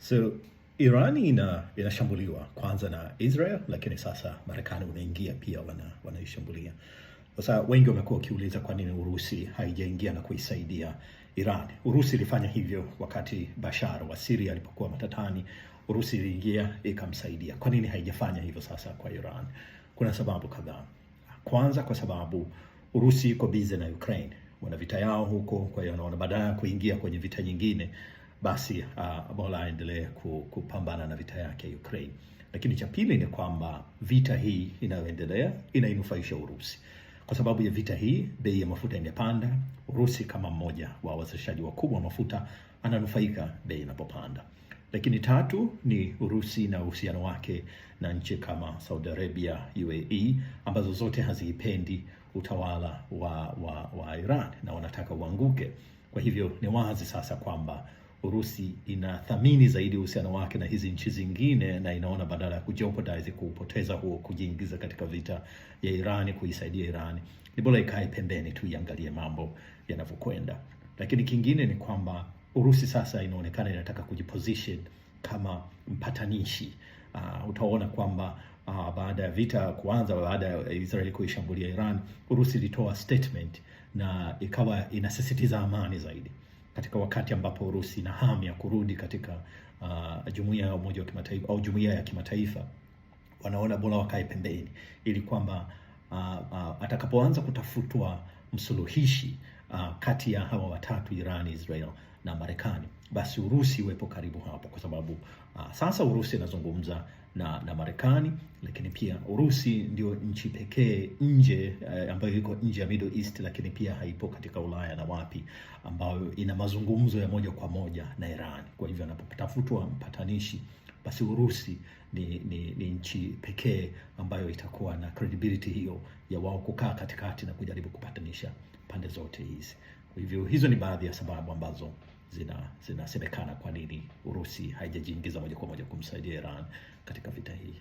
So Iran ina inashambuliwa kwanza na Israel, lakini sasa Marekani wameingia pia wana wanaishambulia. Sasa wengi wamekuwa wakiuliza kwa nini Urusi haijaingia na kuisaidia Iran. Urusi ilifanya hivyo wakati Bashar wa Syria alipokuwa matatani, Urusi iliingia ikamsaidia. Kwa nini haijafanya hivyo sasa kwa Iran? Kuna sababu kadhaa. Kwanza, kwa sababu Urusi iko bize na Ukraine, wana vita yao huko. Kwa hiyo wanaona badala ya kuingia kwenye vita nyingine basi uh, ah, Mola aendelee kupambana na vita yake ya Ukraine. Lakini cha pili ni kwamba vita hii inayoendelea inainufaisha Urusi. Kwa sababu ya vita hii, bei ya mafuta imepanda. Urusi kama mmoja wa wazalishaji wakubwa wa mafuta ananufaika bei inapopanda. Lakini tatu ni Urusi na uhusiano wake na nchi kama Saudi Arabia, UAE ambazo zote haziipendi utawala wa, wa, wa Iran na wanataka uanguke. Kwa hivyo ni wazi sasa kwamba Urusi inathamini zaidi uhusiano wake na hizi nchi zingine na inaona badala ya kujeopardize kupoteza huo, kujiingiza katika vita ya Irani, kuisaidia Irani, ni bora ikae pembeni tu iangalie mambo yanavyokwenda. Lakini kingine ni kwamba Urusi sasa inaonekana inataka kujiposition kama mpatanishi. Uh, utaona kwamba uh, baada ya vita kuanza, baada ya Israeli kuishambulia Iran, Urusi ilitoa statement na ikawa inasisitiza amani zaidi katika wakati ambapo Urusi ina hamu ya kurudi katika uh, jumuiya ya umoja wa kimataifa au jumuiya ya kimataifa, wanaona bora wakae pembeni ili kwamba uh, uh, atakapoanza kutafutwa msuluhishi uh, kati ya hawa watatu Iran, Israel na Marekani, basi Urusi iwepo karibu hapo, kwa sababu uh, sasa Urusi inazungumza na, na Marekani, lakini pia Urusi ndio nchi pekee nje uh, ambayo iko nje ya Middle East, lakini pia haipo katika Ulaya na wapi, ambayo ina mazungumzo ya moja kwa moja na Iran. Kwa hivyo anapotafutwa mpatanishi basi Urusi ni, ni, ni nchi pekee ambayo itakuwa na credibility hiyo ya wao kukaa katikati na kujaribu kupatanisha pande zote hizi. Kwa hivyo hizo ni baadhi ya sababu ambazo zinasemekana kwa nini Urusi haijajiingiza moja kwa moja kumsaidia Iran katika vita hii.